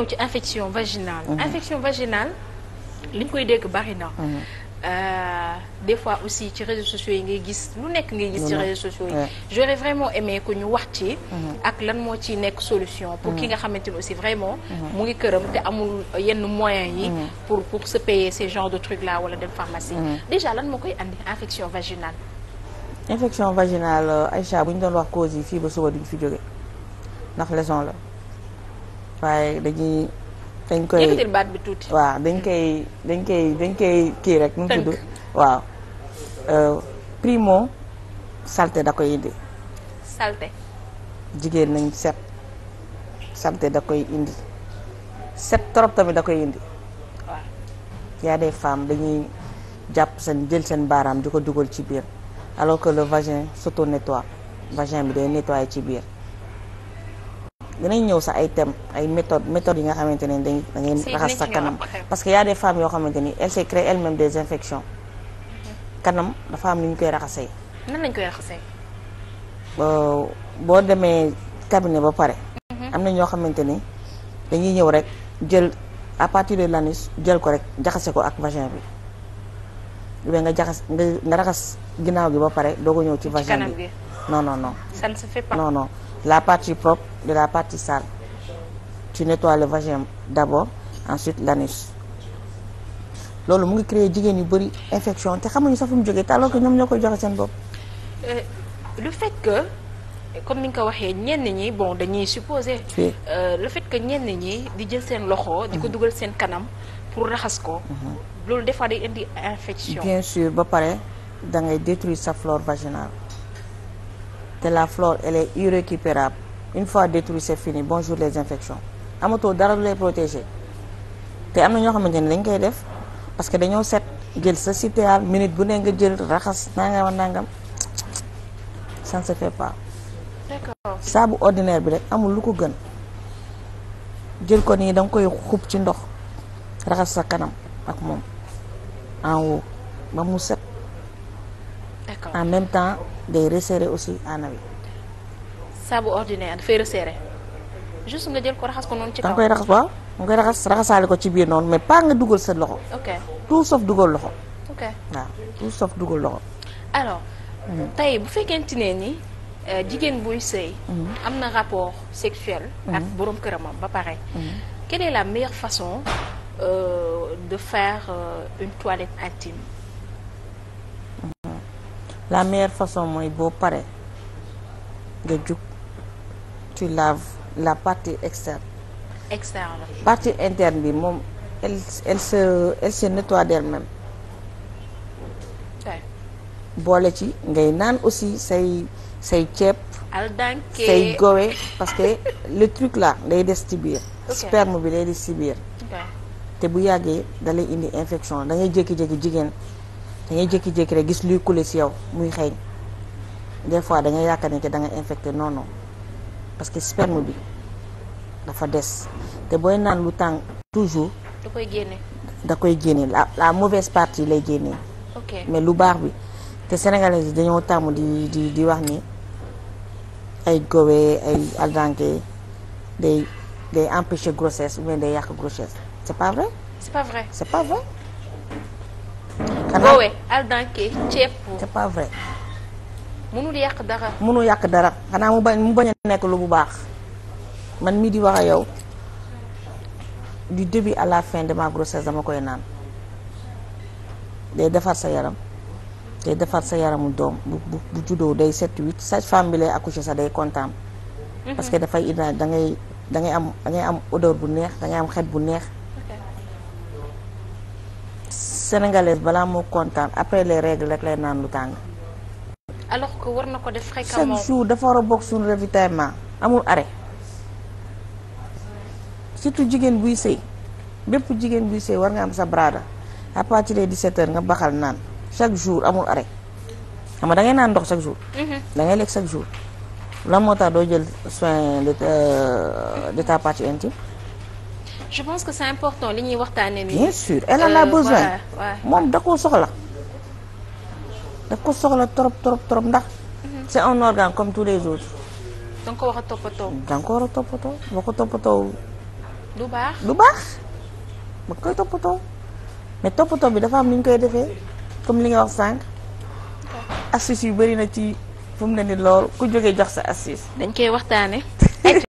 ñëw ci infection vaginale. Mhm. infection vaginale liñ koy dégg bari na. Mhm. Euh, des fois aussi ci réseaux sociaux yi ngay gis lu nekk ngay gis ci réseaux sociaux yi j'aurais vraiment aimé ko ñu wax ci mhm. ak lan moo ci nekk solution pour ki nga xamante ni aussi vraiment mu ngi këram te amul yenn moyens yi pour pour se payer ces de trucs là wala de pharmacie déjà lan moo koy andi infection vaginale infection vaginale Aïcha bu ñu doon wax cause yi fii ba suba duñ fi jóge ndax leson la waaye dañuy dañ koy yëkkatil bi tuuti. waaw dañ koy dañ koy dañ koy kii rek. nu mu tudd waaw. Euh, primo salte da koy indi. salte. jigéen nañ set salte da koy indi set trop tamit da koy indi. waaw. yaa des femmes dañuy jàpp seen jël seen baaraam di ko dugal ci biir alors que le vagin soto nettoie vagin bi day nettoyé ci biir. danañ ñëw sa ay thèmes ay méthodes méthodes yi nga xamante ne dañ da ngeen raxas sa kanam parce que y a des femmes yoo xamante ni elles se créent elles des infections mm-hmm. kanam dafa am ni ñu koy raxasee. nan lañ koy raxasee. Euh, boo demee cabinet ba pare. Mm-hmm. am na ñoo xamante ni dañuy ñëw rek jël à partir de l'anus jël ko rek jaxase ko ak vagin bi. lu nga jaxas nga raxas ginnaaw gi ba pare doo ko ñëw ci. vagin bi non non non. ça ne se la partie propre de la partie sale tu nettoies le vagin d'abord ensuite l'anus loolu mu ngi créer jigéen yu bëri infection te xamuñu sax fu mu jógee te alors que ñoom ñoo koy joxe seen bopp. Euh, le fait que comme ni nga ko waxee ñenn ñi bon dañuy supposer. Euh, le fait que ñenn ñi di jël seen loxo. di ko mhm. dugal seen kanam pour raxas ko. Mhm. loolu des fois indi infection. bien sûr ba pare da ngay détruire sa flore vaginale. te la flore elle est irrécupérable une fois détruite c'est fini bonjour les infections amatoo dara lu lay protéger te am na ñoo xamante ne dañ koy def parce que dañoo set jël sa citéal minute bu ne nga jël raxas nangam nangam ça ne se fait saabu ordinaire bi rek amul lu ko gën jël ko nii da nga koy xub ci ndox raxas sa kanam ak moom en haut ba mu set. en même temps. de resserrer aussi en awi. saabu ordinaire dafay resserrer. juste nga jël ko raxas ko noonu ci kaw. nga koy raxas waaw nga raxas raxasaale ko ci biir noonu mais pas nga dugal sa loxo. ok tout sauf dugal loxo. ok waaw tout sauf dugal loxo. alors. Hmm. tey bu fekkente ne ni euh, jigéen buy sëy. Hmm. am na rapport sexuel. Hmm. ak borom këramam ba pare. quelle est la meilleure façon euh, de faire euh, une toilette intime. la meilleure façon mooy boo pare nga jug tu laves la partie externe. externe partie interne bi moom elle elle se elle se nettoie boole ci ngay naan aussi say say ceeb. aldanke say gowe parce que le truc là day des ci biir. sperme bi day des ci biir. te bu yàggee da lay indi infection da ngay jékki jigéen. da ngay jékki-jékki rek gis luy coulé si yow muy xeeñ des fois da ngay yaakaar ne que da nga infecté non parce que sperme bi dafa des te booy naan lu tàng toujours. da koy génne. da koy génne la la mauvaise partie lay génne. mais lu baax bi te sénégalais dañoo tàmm di di di wax ni ay gowe ay aldanke day day empêcher grossesse ou bien day yàq grossesse c'est pas c'est pas vrai c'est pas vrai. woowee aldanke ceeb c'est pas vrai yàq dara mënul yàq dara xanaa mu bañ mu bañ a nekk lu bu baax man mii di wax a yow di début à la fin de ma grossesse dama koy naan day defar sa yaram day defar sa yaramu doom bu bu bu day sept huit sa femme bi lay accoucher sax day kontaan mhm. parce que dafay indi da ngay da ngay am da ngay am odeur bu neex da am xet bu neex sénégalaise balaa moo kontaan après les règles rek lay naan lu tàng. alors war na ko def fréquemment chaque jour dafa war a bokk suñu ravitaillement amul arrêt surtout jigéen buy sëy bépp jigéen buy sëy war nga am sa braada à partir de 17h nga baxal naan chaque jour amul arrêt xam nga da ngay naan ndox chaque jour. Mhm. da ngay lekk chaque jour. lan moo tax doo jël soin de euh, ta de intime je pense que c'est important li ñuy waxtaanee nii. bien sûr elle en a euh, besoin moom da koo soxla. da ko soxla trop trop trop ndax. Mhm. c'est un organe comme tous les autres. da nga ko wax a toppatoo. da war a toppatoo boo ko toppatoo. du baax du baax. ba koy toppatoo mais toppatoo bi dafa am ni ñu koy defee comme li nga wax sànq. astuce yu bëri na ci fu mu ne ni lool ku jógee jox sa astuce. dañ koy waxtaanee.